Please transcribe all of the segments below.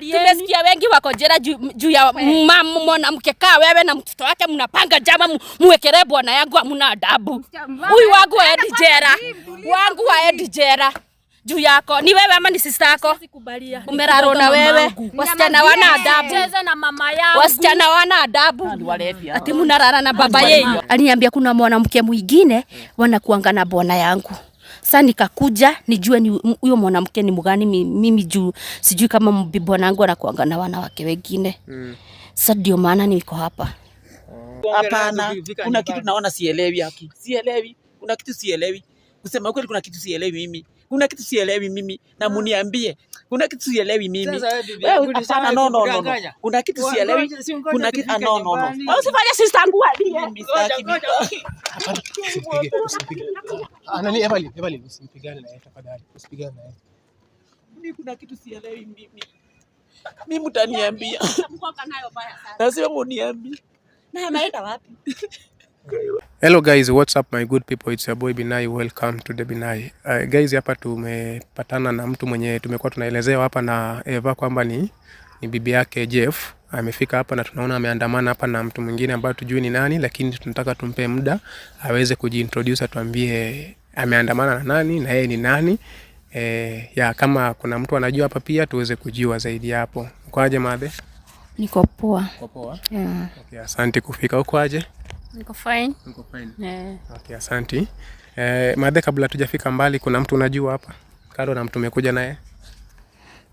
Tumesikia wengi wako jera juu ya ya eh. mwanamke kaa wewe na mtoto wake, mnapanga jama muwekere bwana yangu, hamuna adabu. Huyu wangu waendi jera, wangu waendi jera juu yako ni wewe ama ni sister yako? Umeraro na wewe, wasichana wana adabu, na mama yangu. wasichana wana adabu. Ah, Ati munarara na baba yenu. Aliniambia kuna mwanamke mwingine wanakuanga na bwana yangu sa nikakuja nijue ni huyo mwanamke ni mgani mimi, juu sijui kama bibwanangu anakuanga na wanawake wengine. Mm. sa ndio maana niko hapa. Hapana, kuna kitu naona sielewi haki, sielewi. Kuna kitu sielewi, kusema kweli, kuna kitu sielewi mimi kuna kitu sielewi mimi na ah. muniambie, kuna kitu sielewi mimi. hapana, no no no, kuna kitu sielewi, kuna kitu ah, no no no, usifanye sister yangu alie. Anani, Evelyn, Evelyn, usipigane na yeye tafadhali, usipigane na yeye. Mimi kuna kitu sielewi mimi, mimi mtaniambia, lazima muniambie. Na anaenda wapi? Hello guys, what's up my good people? It's your boy Binai. Welcome to the Binai. Uh, guys, hapa tumepatana na mtu mwenye tumekuwa tunaelezewa hapa na Eva kwamba ni, ni bibi yake Jeff amefika hapa na tunaona ameandamana hapa na mtu mwingine ambaye tujui ni nani, lakini tunataka tumpe muda aweze kujiintroduce, atuambie ameandamana na nani na yeye ni nani. E, ya kama kuna mtu anajua hapa pia tuweze kujua zaidi hapo. Kwaje madhe? Niko poa. poa? Yeah. Okay, asante kufika. Uko aje? Niko fine. Niko fine. Yeah. Okay, asanti. Eh, Madhe, kabla tujafika mbali, kuna mtu unajua hapa kando na mtu umekuja naye?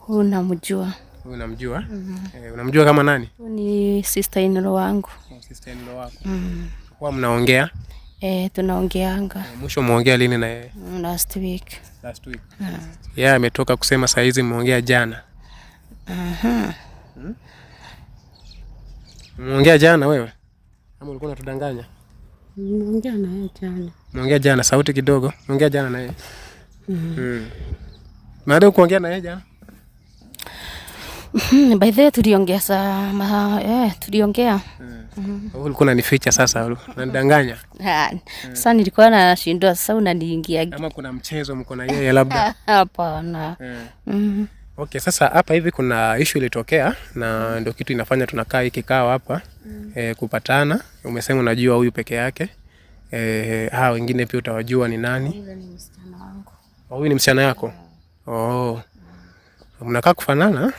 Unamjua? Unamjua? mm -hmm. Eh, unamjua kama nani? Ni sister in law wangu. Oh, sister in law wako. Mm. Kwa mnaongea? Eh, tunaongeanga. Eh, mwisho muongea lini na yeye? Mm, last week. Last week. Mm. Yeye yeah, ametoka kusema saa hizi muongea jana. Mhm. Uh -huh. hmm? Muongea jana wewe? ama ulikuwa unatudanganya? Nimeongea na yeye jana. Nimeongea jana, sauti kidogo. Nimeongea jana na yeye. Mhm. Mm. Mm. Maana kuongea na yeye jana. Mhm, By the way tuliongea saa ma, eh, tuliongea. Mhm. Mm. Ulikuwa unanificha sasa, unanidanganya. Ah. Sasa nilikuwa nashindwa sasa unaniingia. Kama kuna mchezo mko na yeye labda. Hapana. Mm. Okay, sasa hapa hivi kuna issue ilitokea na mm. ndio kitu inafanya tunakaa hiki ikikao hapa mm. E, kupatana. Umesema unajua huyu peke yake e, hawa wengine pia utawajua ni nani? Huyu ni msichana oh, yako oh. Mm. Mnakaa kufanana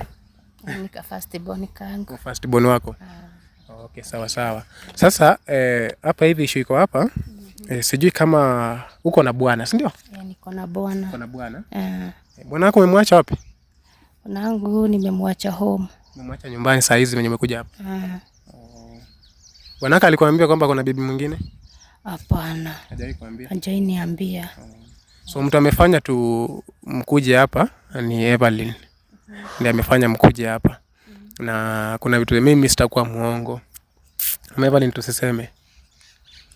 first born kangu. First born wako ah. Okay, sawa sawa. Sasa eh, hapa e, hivi issue iko hapa mm -hmm. E, sijui kama uko na bwana si ndio? Yeah, niko na bwana. Uko na bwana? Eh. Bwana wako umemwacha wapi? Mwanangu nimemwacha home. Nimemwacha nyumbani saa hizi nimekuja hapa. Mm. Oh. Wanaka alikwambia kwamba kuna bibi mwingine? Hapana. Hajai kuambia. Hajai niambia. Oh. So mtu amefanya tu mkuje hapa ni Evelyn. Ndiye amefanya mkuje hapa. Na kuna vitu mimi sitakuwa muongo. Ama Evelyn tusiseme.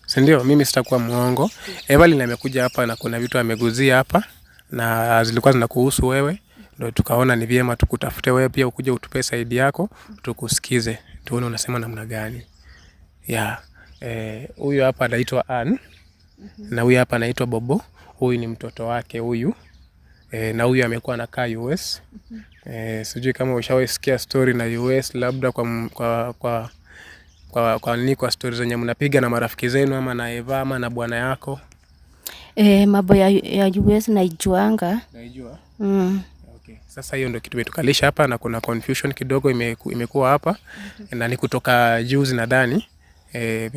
Si ndio? Mimi sitakuwa muongo. Evelyn amekuja hapa na kuna vitu ameguzia hapa na zilikuwa zinakuhusu wewe ndo tukaona ni vyema tukutafute wewe pia ukuje utupe saidi yako, tukusikize tuone unasema namna gani. Ya eh, huyu eh, hapa anaitwa Ann mhm. na huyu hapa anaitwa Bobo. Huyu ni mtoto wake huyu eh, na huyu amekuwa anakaa US mhm. eh, sijui kama ushawaisikia sikia story na US labda kwa, kwa, kwa kwa, kwa nini kwa stori zenye mnapiga na marafiki zenu ama na Eva ama na bwana yako? E, mambo ya, ya US naijuanga, naijua mm. Okay. Sasa hiyo ndio kitu imetukalisha hapa na kuna confusion kidogo imeku, imekuwa hapa mm -hmm. na ni kutoka juzi nadhani e,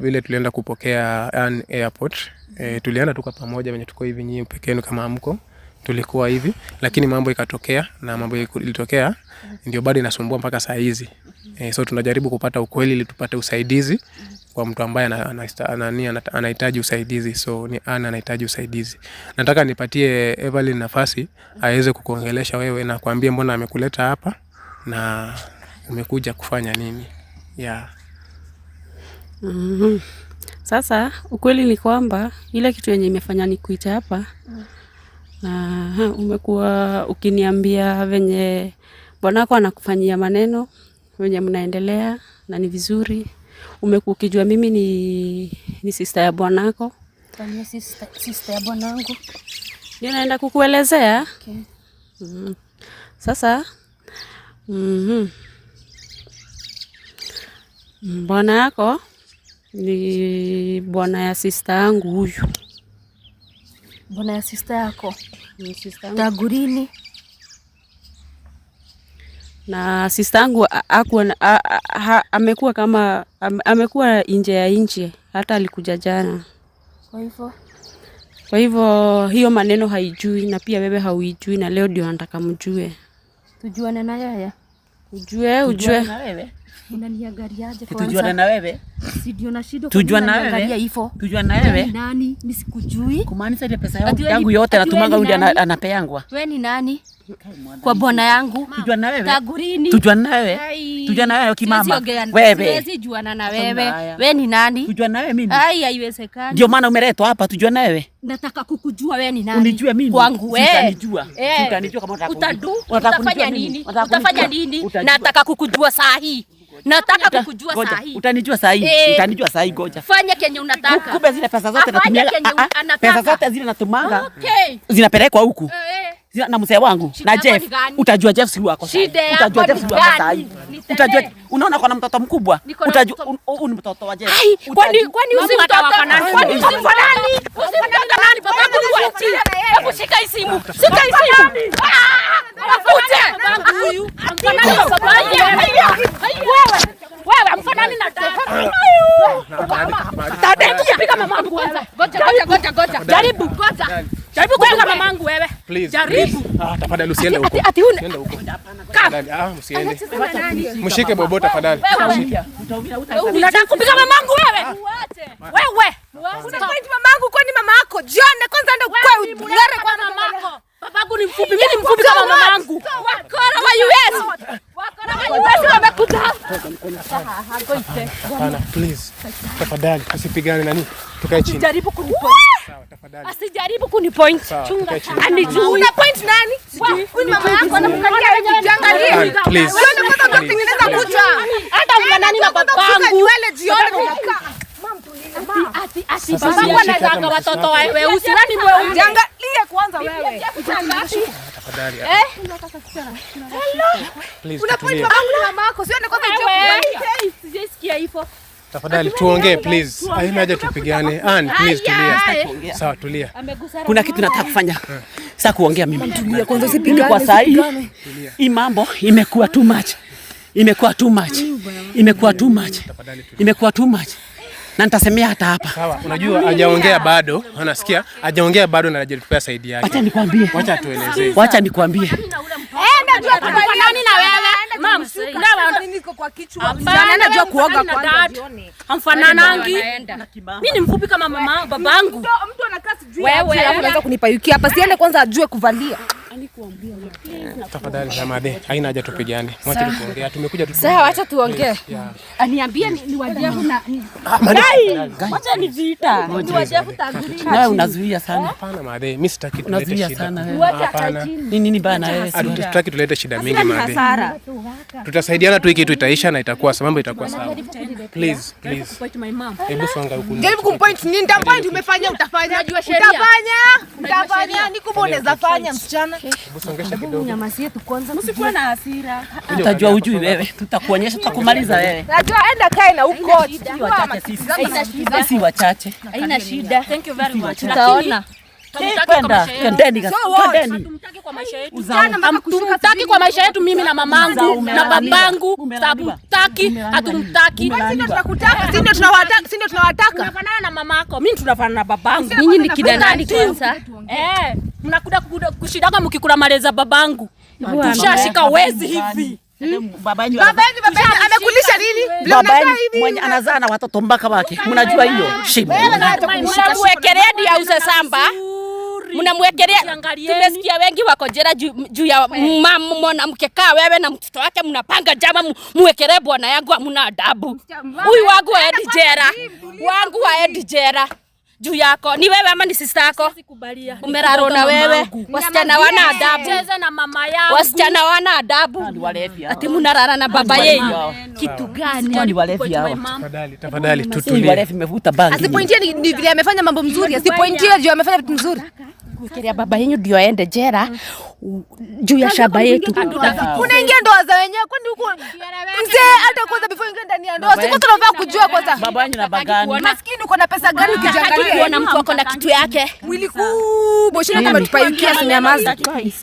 vile tulienda kupokea an airport e, tulienda tuka pamoja venye tuko hivi nyinyi peke yenu kama amko tulikuwa hivi lakini mambo ikatokea na mambo ilitokea mm-hmm. ndio bado inasumbua mpaka saa hizi e, so tunajaribu kupata ukweli ili tupate usaidizi kwa mtu ambaye anahitaji usaidizi. So ni ana anahitaji usaidizi, nataka nipatie Evelyn nafasi aweze kukuongelesha wewe na kuambia mbona amekuleta hapa na umekuja kufanya nini yeah. mm -hmm. Sasa ukweli ni kwamba ile kitu yenye imefanya nikuita hapa na umekuwa ukiniambia venye bwanako anakufanyia maneno venye mnaendelea na ni vizuri umekuwa ukijua mimi ni, ni sista ya bwanako. Kwani sister, sister ya bwanangu ndio naenda kukuelezea okay. mm. Sasa mm -hmm. bwana yako ni bwana ya sista yangu huyu, bwana ya sista yako, sister yangu. Tagurini na sista yangu amekuwa kama amekuwa nje ya nchi, hata alikuja jana. Kwa hivyo kwa hivyo hiyo maneno haijui, na pia wewe hauijui, na leo ndio nataka mjue, tujuane na yeye, ujue ujue, tujuane na wewe ndio na shida tujua na wewe hivyo tujua na wewe nani nisikujui kumaanisha ile pesa yangu yote natumanga ndio anapeangwa wewe ni nani kwa bwana yangu tujua na wewe tagurini tujua na wewe tujua na wewe kimama wewe siwezi juana na wewe wewe ni nani tujua na wewe mimi ai haiwezekani ndio maana umeletwa hapa tujua na wewe nataka kukujua wewe ni nani unijue mimi kwangu wewe utanijua utanijua eh. kama unataka utafanya nini utafanya nini nataka kukujua saa hii Nataka kukujua saa hii. Utanijua saa hii. Eh. Utanijua saa hii goja. Fanya kenye unataka. Kumbe zile pesa zote natumia. Ah, ah. Pesa zote zile natumanga. Okay. Zinapelekwa huku. Eh. eh na mzee wangu na Jeff, utajua Jeff si wako utajua Jeff si wako saa utajua. Unaona kuna mtoto mkubwa, utajua ni mtoto wa Jeff. Kwani kwani usimtoto, kwani usimfanani, usimfanani nani baba mkuu wa wapi? Hebu shika hii simu, shika hii simu, afute huyu amfanani wa baba yako. Wewe wewe mfanani na tata. Tadengia, piga mama kwanza. goja goja goja, jaribu kwanza Jaribu kutoka mamangu wewe. Jaribu. Ah, tafadhali usiende huko. Ati huna. usiende huko. Tafadhali, ah, usiende. Mshike bobo tafadhali. Unataka kupiga mamangu wewe? Ah. Wewe. Unataka kuita mamangu kwani mama yako? Jione kwanza ndio kwa ngare kwa mama yako. Babangu ni mfupi, mimi ni mfupi kama mamangu. Wakora wa US. Wakora wa US wamekuja hapa. Please. Tafadhali usipigane nani. Tukae chini. Jaribu kunipoa. Asijaribu point. Chunga. Anijui. Una point nani? Huyu mama yako anakukalia hivi jangalia. Please. Wewe unataka kutengeneza kucha. Hata nani na babangu. Wewe jioni. Ati ati babangu anazaka watoto wa weusi. Nani mweusi? Jangalia kwanza wewe. Tafadhali. Eh? Una point mama yako. Sio ndio kwanza hivyo. Tafadhali tuongee please. Haina haja tupigane. Ann, please tulia. Sawa, tulia. Kuna kitu nataka kufanya. Eh. Sasa kuongea mimi. Tulia kwanza usipige kwa saa hii. Hii mambo imekuwa too much. Imekuwa too much. Imekuwa too much. Imekuwa too much. Na nitasemea hata hapa. Sawa, unajua hajaongea bado. Unasikia? Hajaongea bado na anajitupea saidi yake. Acha nikwambie. Wacha tuelezee. Wacha nikwambie nani na wewe anajua kuoga amfananangi. Mimi ni mfupi kama mama babangu. Wewe unaweza kunipayukia hapa, siende kwanza ajue kuvalia. Tafadhali Hamade, haina haja tupigane. Mwache tuongee. Ah, tumekuja tu. Sawa, acha tuongee. Aniambie ah, ni wajevu na dai. ni vita. Ni wajevu tazuri. Na unazuia sana. Eh? Hapana Madhe, mimi sitaki tulete shida. Hapana. Ni nini bana wewe? Hatutaki tulete shida mingi Madhe. Tutasaidiana tu, hiki kitu itaisha na itakuwa sababu itakuwa sawa. Please, please. Hebu songa huko. Jaribu kumpoint nini? Nitapoint umefanya utafanya. Utafanya. Utafanya. Nikuboneza fanya msichana. Hebu songesha kidogo kazi yetu kwanza. Msikuwe na hasira. Utajua ujui wewe. Tutakuonyesha, tutakumaliza wewe. Najua enda kae na huko. Sisi wachache. Haina shida. Thank you very much. Tutaona. Hatumtaki kwa maisha yetu mimi na mamangu na babangu, hatutaki, hatumtaki. Si ndio tunawataka? ndio tunawataka? Tunafanana na mamako, mimi tunafanana na babangu. Ninyi ni kidadadi kwanza. Eh mnakuda kushidaga mkikula maleza babangu. Hmm? Tushashika wezi hivi. Babanyu amekulisha nini? Babanyu mwenye anazaa na watoto mbaka wake. Mnajua hiyo shimo. Mnamwekelea di auze samba. Mnamwekelea. Tumesikia wengi wako jela juu ya eh. mwanamke kaa wewe na mtoto wake, mnapanga jama, mwekelee bwana yangu, hamna adabu. Huyu wangu waendi jera, wangu waendi jera juu yako ni wewe ama ni sista yako? Umeraro na wewe, wasichana wana adabu, wasichana wana adabu, ati munarara na baba yenu. Kitu gani? Ni walevi yao. Tafadhali, tafadhali tutulie. Ni walevi, mevuta bangi. Asipoingia ni vile amefanya mambo mzuri, asipoingia juu amefanya vitu mzuri. Kukiria baba yenu ndio aende jera juu ya shaba yetu. Unaingia ndoa za wenyewe, kwani huko mzee, hata kwanza before ingia ndani ya ndoa siko tunafaa kujua kwanza baba yangu na bagani, maskini uko na pesa gani? Ukijangalia unaona mtu wako na kitu yake mwili kubwa, shina kama tupaikia sinyamaza.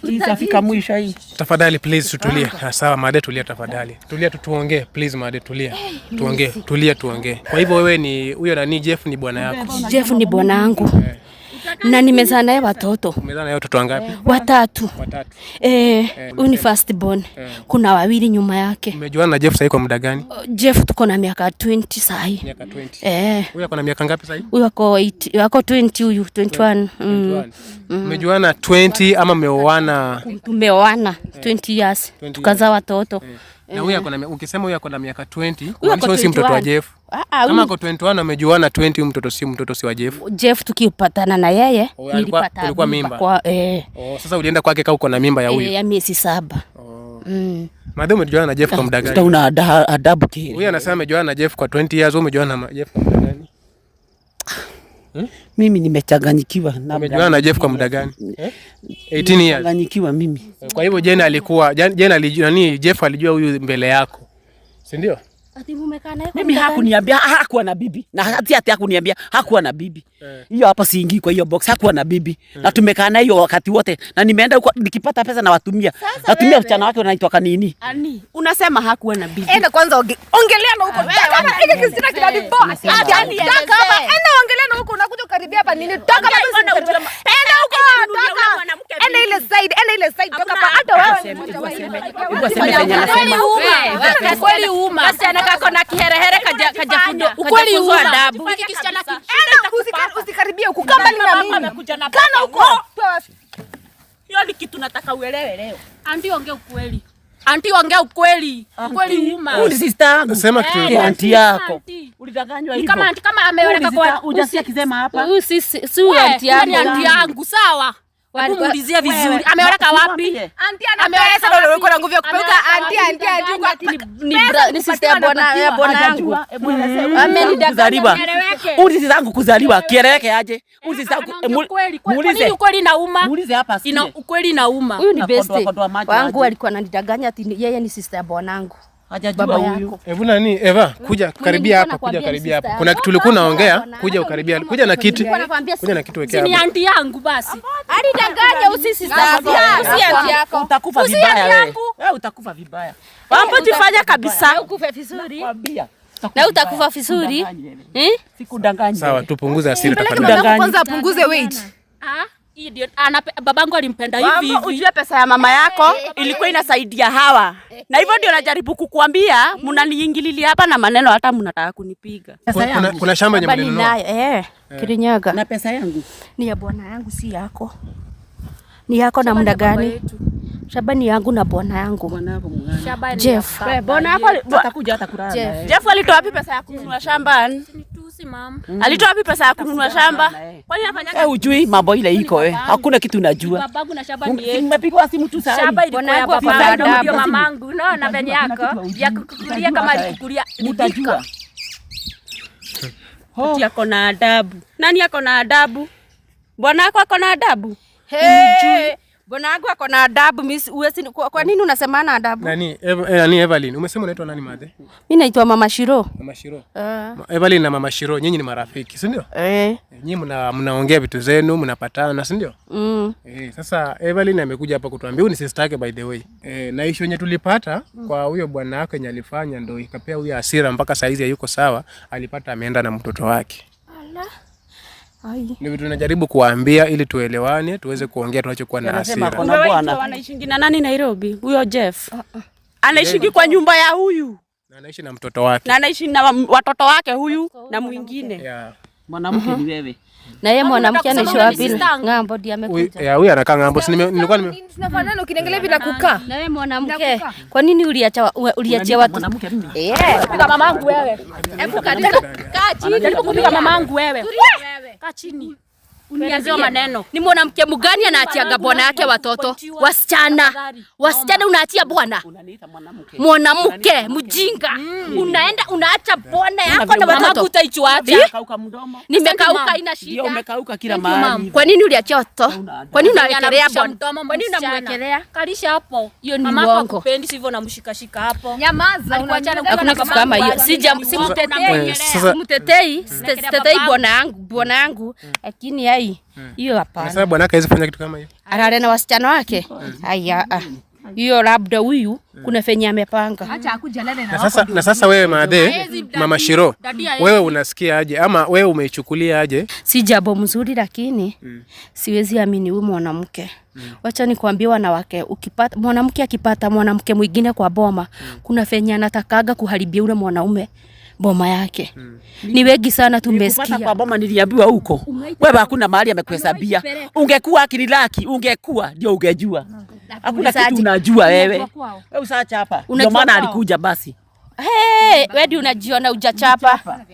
Itafika mwisho hii. Tafadhali please, tutulie. Ah, sawa made, tulia tafadhali, tulia tu tuongee, please made, tulia eh, tuongee, tulia tuongee. Kwa hivyo wewe ni huyo nani? Jeff ni bwana yako? Jeff ni bwana wangu. Eh na nimezaa naye watoto eh, watatu. Eh, eh huyu ni first born, eh. kuna wawili nyuma yake. Umejuana na Jeff sahi kwa muda gani? Oh, Jeff tuko na miaka 20 sahi. Miaka 20. Eh. Huyu ako na miaka ngapi sahi? Huyu ako 8, ako 20 huyu 21. Mm. Umejuana 20 ama mmeoana? Tumeoana 20 years. Tukazaa watoto. Na huyu eh. ako na ukisema huyu ako na miaka 20, unamsema si mtoto wa Jeff. Ah, ah, Kama ako 21 amejuana 20, huyu mtoto si mtoto si wa Jeff. Jeff tukipatana na yeye oh, nilipata alikuwa mimba. Kwa eh. Oh, sasa ulienda kwake kama uko na mimba ya eh, huyu. Eh, ya miezi saba. Oh. Mm. Madam umejuana na Jeff kwa muda gani? Tutaona adabu kile. Huyu anasema amejuana na Jeff kwa 20 years, umejuana na Jeff kwa muda mimi nimechanganyikiwa. na Umejuana na Jeff kwa muda gani? 18 eh? years. Nimechanganyikiwa mimi. Kwa hivyo Jane alikuwa Jane alijua nani Jeff alijua huyu mbele yako. Si ndio? Mimi hakuniambia ah, hakuwa na bibi. Na hati hati hakuniambia hakuwa na bibi. Eh. Hiyo hapa siingii kwa hiyo box hakuwa na bibi. Eh. Na tumekaa naye hiyo wakati wote. Na nimeenda huko nikipata pesa na watumia. Natumia mchana wake unaitwa kanini? Ani, unasema hakuwa na bibi. Enda kwanza ongelea na huko. Kama ah, kisina Kristina kinadibo. Ani, toka hapa. Enda ongelea na huko unakuja karibia hapa nini? Toka hapa. Enda huko. Enda ile side, enda ile side toka hapa. Hata wewe. Kweli uma. Kweli uma kako na kiherehere kaja Ukweli kajafundwa adabu. Usikaribia huku kama ni na mimi. Kana huko. Hiyo ni kitu nataka uelewe leo. Anti, ongea ukweli. Anti, ongea ukweli. Ukweli uma. Uli sister yangu. Sema kitu eh, ni anti yako. Ulidanganywa hivyo. Kama anti kama ameeleka kwa hujasikia kizema hapa. Huyu si si eh, anti yangu. Anti yangu sawa. Walimuulizia vizuri. Ameoleka wapi? Anti ndio yuko na nguvu ya kupeuka. Anti anti anti ni ni sister ya bwana ya bwana yangu. Ulizi zangu kuzaliwa kieleweke aje? Ulizi zangu eh, muulize. Ni ukweli nauma. Muulize hapa sikie. Ina ukweli Huyu ni best wangu alikuwa ananidanganya ati yeye ni sister ya Baba huyu. Hebu nani Eva mm. kuja karibia hapa, kuja karibia hapa. Kuna kitu ulikuwa unaongea, kuja ukaribia. Kuja na kiti. Kuja na kitu wekea hapa. Ni anti yangu basi. Hadi dagaje usisi sasa. Usi anti yako. Utakufa vibaya wewe. Wewe utakufa vibaya. Hapo eh, tufanya kabisa. Ukufe vizuri. Nakwambia. Na utakufa vizuri. Eh? Sikudanganyi. Sawa, tupunguze hasira tafadhali. Kwanza punguze weight. Ah? Idiot. Anape, ah, babangu alimpenda hivi hivi. Ujue pesa ya mama yako ilikuwa inasaidia hawa, na hivyo ndio najaribu kukuambia, mnaniingililia hapa na maneno, hata mnataka kunipiga. Kuna, kuna shamba yenye mnanunua eh, eh, Kirinyaga, na pesa yangu ni ya bwana yangu, si yako. Ni yako na muda gani? Shaba ni yangu na bwana yangu. Jeff alitoa wapi pesa ya kununua shamba? Mm. Alitoa wapi pesa ya kununua shamba? Eh. Kwani anafanya eh, kazi? Eh, ujui mambo ile iko eh. Hakuna kitu unajua. Babangu na shamba ni yeye. Nimepigwa simu tu sasa. Shamba ilikuwa ya baba ndio mamangu. Unaona venye yako ya kukulia kama alikukulia. Utajua. Ati ako na adabu. Nani yako na adabu? Bwana yako ako na adabu? Hey. Ujui. Bwana wangu ako na adabu miss, uwezi kwa, kwa nini unasema na adabu? Nani? Ev, eh, nani Evelyn? Umesema unaitwa nani madhe? Mimi naitwa Mama Shiro. Mama Shiro. Uh. Evelyn na Mama Shiro, nyinyi ni marafiki, si ndio? Eh. Nyinyi mna mnaongea vitu zenu, mnapatana, si ndio? Mm. Eh, sasa Evelyn amekuja hapa kutuambia ni sister yake by the way. Eh, na issue yenye tulipata mm, kwa huyo bwana wake yenye alifanya ndio ikapea huyo hasira mpaka saizi hayuko sawa, alipata ameenda na mtoto wake. Allah. Ni vitu najaribu kuwaambia ili tuelewane, tuweze kuongea tunachokuwa na hasira. Anaishi na nani Nairobi? Huyo Jeff ah, ah. Anaishi kwa nyumba ya huyu na anaishi na mtoto wake na anaishi na watoto wake huyu na mwingine yeah. Mwanamke ni mhm. wewe na yeye mwanamke anaishi wapi? Ng'ambo ndiye amekuja. Huyu anakaa ng'ambo. Si Nilikuwa nime tunafanana ukiniangalia bila kukaa. Na yeye mwanamke, kwa nini uliacha uliachia watu? Mwanamke mimi. Eh, piga mamangu wewe. Hebu kaa chini. Jaribu kupiga mamangu wewe. Catini. Uniambie maneno. Ni mwanamke mgani anaatiaga bwana yake watoto? Wasichana. Wasichana unaatia bwana. Mwanamke mjinga. Mm. Unaenda unaacha bwana yako na watoto. Nimekauka ina shida. Ndio Umekauka kila mahali. Kwa nini uliachia watoto? Kwa nini yaani unawekelea bwana? Kwa nini unamwekelea? Kalisha hapo. Hiyo ni mama akupendi sivyo unamshikashika hapo. Nyamaza unaachana. Hakuna kitu kama hiyo. Sija simtetei. Eh, simtetei. Sitetei bwana yangu, bwana yangu. Mm. Lakini yeye hii hmm. hiyo hapana. Sasa bwana kaweza kufanya kitu kama hiyo, analea na wasichana wake. Hmm. Hmm. Haya, hiyo labda huyu kuna fenye amepanga. Na sasa wewe madhe, mama Shiro, wewe unasikia aje ama wewe umeichukulia aje? Si jambo mzuri, lakini siwezi amini huyu mwanamke mm. wacha nikwambie, wanawake, ukipata mwanamke akipata mwanamke mwingine kwa boma kuna fenye anatakaga kuharibia ule mwanaume boma yake hmm. Ni wengi sana tumesikia kwa boma, niliambiwa huko wewe hakuna mahali amekuhesabia. Ungekuwa akili laki, ungekuwa ndio ungejua, hmm. hakuna kitu unajua wewe. Wewe usacha hapa, ndio maana alikuja basi. Hey, wewe ndio unajiona ujachapa.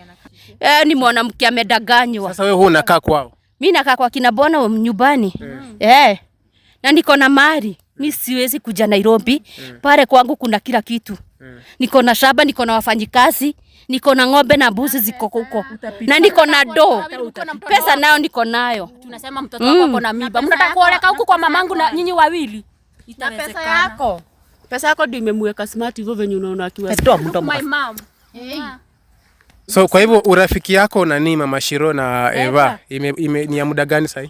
Eh, ni mwanamke amedanganywa. Sasa wewe huo unakaa kwao. Mimi nakaa kwa kina bwana wa nyumbani. Mm. Eh. Na niko na mali. Mimi siwezi kuja Nairobi. Mm. Pale kwangu kuna kila kitu. Mm. Niko na shaba, niko na wafanyikazi niko na ng'ombe na mbuzi ziko huko na niko na do pesa nayo niko nayo. Tunasema mtoto wako mm, na mimba, mnataka kuoleka huku kwa mamangu na nyinyi wawili, na pesa yako pesa yako ndio imemweka smart hivyo venye unaona akiwa so. Kwa hivyo urafiki yako na nini Mama Shiro na Eva, Ime, ime, ni ya muda gani sasa?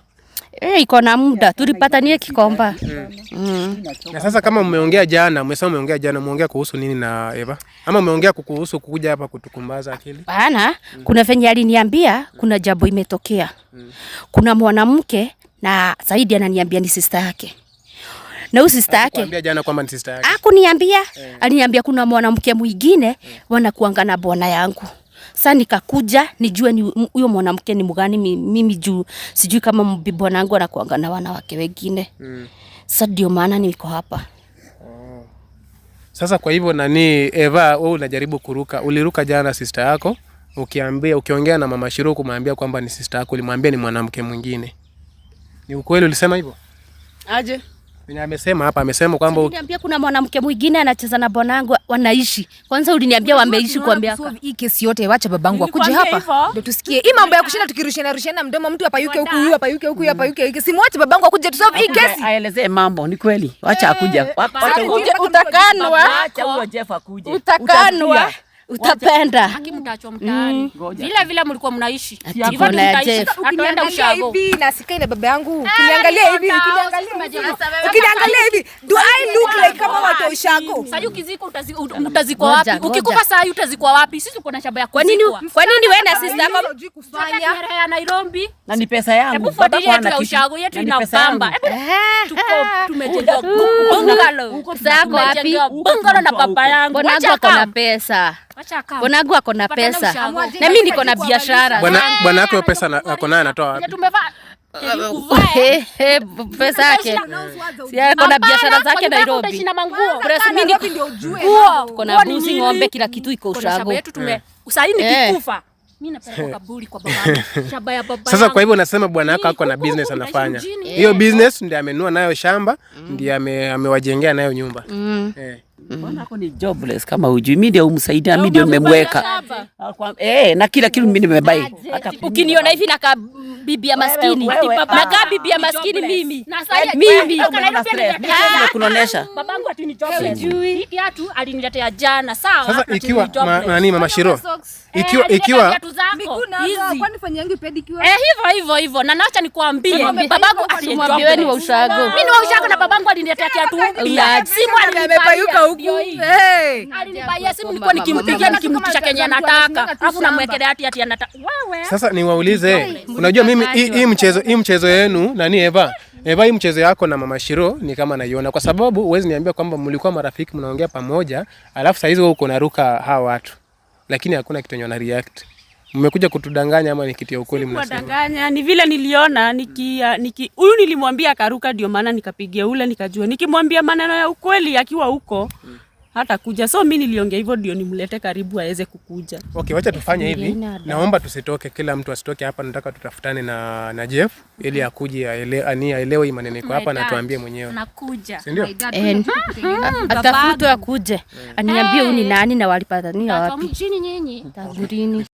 Eh, iko na muda tulipatanie Kikomba. Mm. Mm. Na sasa kama mmeongea jana, mmesema mmeongea jana, mmeongea kuhusu nini na Eva? Ama mmeongea kuhusu kukuja hapa kutukumbaza akili? Bana, mm. Kuna venye aliniambia kuna jambo imetokea. Mm. Kuna mwanamke na Saidi ananiambia ni sister yake. Na huyu sister yake aliniambia jana kwamba ni sister yake. Hakuniambia, eh. aliniambia kuna mwanamke mwingine eh. wanakuanga na bwana yangu. Mm. Sasa nikakuja nijue ni huyo mwanamke ni mgani mimi juu sijui kama mbibi wangu anakuanga na wanawake wengine. Mm. Sasa ndio maana niko hapa. Oh. Sasa kwa hivyo nani Eva, wewe unajaribu kuruka. Uliruka jana sister yako ukiambia ukiongea na mama Shiro kumwambia kwamba ni sister yako, ulimwambia ni mwanamke mwingine. Ni ukweli ulisema hivyo? Aje? Mimi amesema hapa amesema kwamba uliniambia kuna mwanamke mwingine anacheza na bwanangu wanaishi. Kwanza uliniambia wameishi kwa miaka. Hii kesi yote wacha babangu akuje hapa. Ndio tusikie. Hii mambo ya kushinda tukirushiana rushiana mdomo mtu hapa yuke huku hapa yuke huku hapa yuke. Kesi babangu akuje tusolve hii kesi. Aelezee mambo ni kweli. Wacha akuja. Eh, wacha akuje utakanwa. Wacha huyo Jeff akuje. Utakanwa utapenda. Haki mtachwa mtaani. Vile mm. vile mlikuwa mnaishi. Hivyo mtaishi. Ukinienda ushago. Na sika ile baba yangu. Ah, ukiangalia hivi, ukiniangalia. Ukiniangalia hivi. Do I look like kama watu ushago? Sasa ukiziko utazikwa wapi? Ukikufa saa hii utazikwa wapi? Sisi tuko na shaba ya Kwa nini? Kwa nini wewe na sisi yako kufanya ya Nairobi? Na ni pesa yangu. Hebu fuatilia yetu ya ushago yetu ina inapamba. Eh, tuko eh. tumejenga bungalow. Sasa wapi? Bungalow na papa yangu. Wanangu kwa na pesa. Bwanangu ako na pesa na mimi niko na biashara. Bwana yako pesa ako nayo anatoa wapi? Eh, eh, eh, pesa yake na biashara zake Nairobi, na mbuzi, ng'ombe, kila kitu iko ushago. Sasa kwa hivyo nasema bwana yako ako na business anafanya hiyo business, ndio amenua nayo shamba, ndio amewajengea nayo nyumba. Mm. Mm-hmm. Mbona ako ni jobless kama hujui? Mimi ndio umsaidia, mimi ndio nimemweka. Eh, na kila kitu mimi nimebai. Ukiniona hivi na bibia maskini. Ah. Nakaa bibia maskini mimi. Mimi. Kunaonesha. Babangu ati ni jobless. Hii kiatu aliniletea jana. Sawa. Sasa ikiwa nani mama Shiro? Ikiwa ikiwa hizi. Kwani fanya fanyangi pedicure? Eh, hivyo hivyo hivyo. Na naacha nikuambie. babangu alimwambia wewe ni wa ushago. Mimi ni wa ushago na babangu aliniletea kiatu mpya. Simu alinipayuka huku. Eh. Alinipaia simu nilikuwa nikimpigia nikimtisha Kenya nataka. Alafu namwekelea ati ati anataka. Wewe. Sasa niwaulize. Unajua mimi hii mchezo hii mchezo yenu nani Eva Eva, hii mchezo yako na Mama Shiro ni kama naiona, kwa sababu huwezi niambia kwamba mlikuwa marafiki mnaongea pamoja, alafu saizi wewe uko naruka hawa watu, lakini hakuna kitu na react. Mmekuja kutudanganya ama ni kitu ya ukweli mnasema? Kudanganya ni vile niliona niki niki huyu nilimwambia akaruka, ndio maana nikapigia ule, nikajua nikimwambia maneno ya ukweli akiwa huko hata kuja. So mi niliongea hivyo ndio nimlete karibu aweze kukuja. Okay, wacha tufanye hivi, naomba tusitoke, kila mtu asitoke hapa. Nataka tutafutane na, na Jeff ili akuje aelewe hii maneno iko hapa na tuambie mwenyewe, sindio? Eh, akuje aniambie huyu ni eh. nani na walipatania wapi.